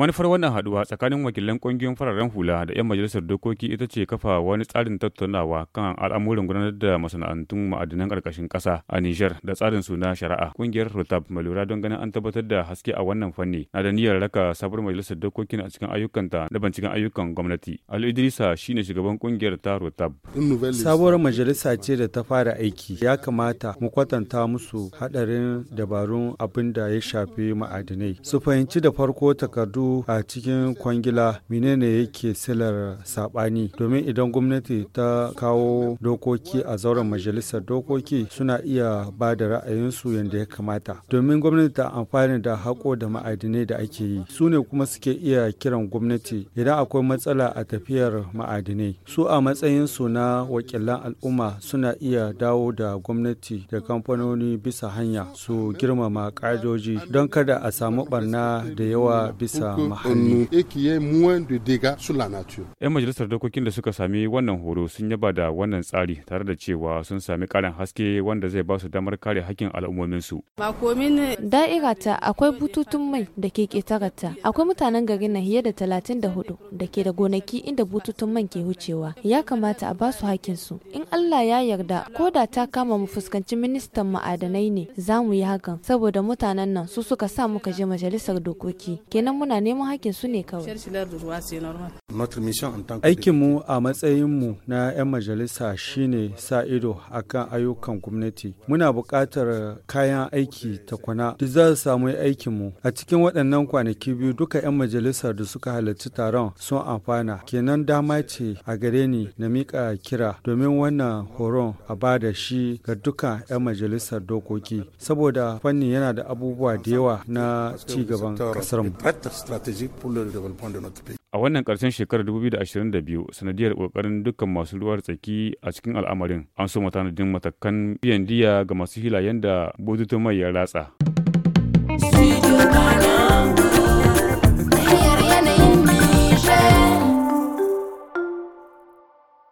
manufar wannan haduwa tsakanin wakilan kungiyoyin fararen hula da 'yan majalisar dokoki ita ce kafa wani tsarin tattaunawa kan al'amuran gudanar da masana'antun ma'adinan karkashin ƙasa a nijar da tsarin suna shari'a kungiyar rotab mai lura don ganin an tabbatar da haske a wannan fanni na da niyyar raka sabuwar majalisar dokokin a cikin ayyukanta da binciken ayyukan gwamnati al idrisa shine shugaban kungiyar ta rotab sabuwar majalisa ce da ta fara aiki ya kamata mu kwatanta musu hadarin dabarun abin da ya shafi ma'adinai su fahimci da farko takardu a cikin kwangila menene yake silar sabani domin idan gwamnati ta kawo dokoki a zauren majalisar dokoki suna iya ba da ra'ayinsu yadda ya kamata domin gwamnati ta amfani da haƙo da ma'adinai da ake yi su ne kuma suke iya kiran gwamnati idan akwai matsala a tafiyar ma'adinai su a matsayinsu na wakilan al'umma suna iya dawo da gwamnati da kamfanoni bisa hanya su girmama ƙa'idoji don kada a samu barna da yawa bisa muhalli moins de dégâts sur la nature. 'Yan majalisar dokokin da suka sami wannan horo sun yaba da wannan tsari tare da cewa sun sami karin haske wanda zai ba su damar kare hakkin al'ummominsu. Da'ira ta akwai bututun mai da ke ketarata. Akwai mutanen garin na fiye da talatin da hudu da ke da gonaki inda bututun man ke wucewa. Ya kamata a ba su su In Allah ya yarda ko da ta kama mu fuskanci ministan ma'adanai ne za mu yi hakan saboda mutanen nan su suka sa muka je majalisar dokoki. Kenan muna suna neman hakin su ne kawai aikinmu a matsayinmu na 'yan majalisa shine sa ido akan ayyukan gwamnati muna buƙatar kayan aiki takwana duk za su samu aikinmu a cikin waɗannan kwanaki biyu duka 'yan majalisar da suka halarci taron sun amfana kenan dama ce a gare ni na miƙa kira domin wannan horon a ba da shi ga duka 'yan majalisar dokoki saboda fanni yana da abubuwa da yawa na ci gaban ƙasarmu stratégique pour le développement de notre pays. A wannan ƙarshen shekarar 2022 sanadiyar ƙoƙarin dukkan masu ruwa tsaki a cikin al'amarin an so tanadin matakan biyan diya ga masu hilayen da bututun mai ya ratsa.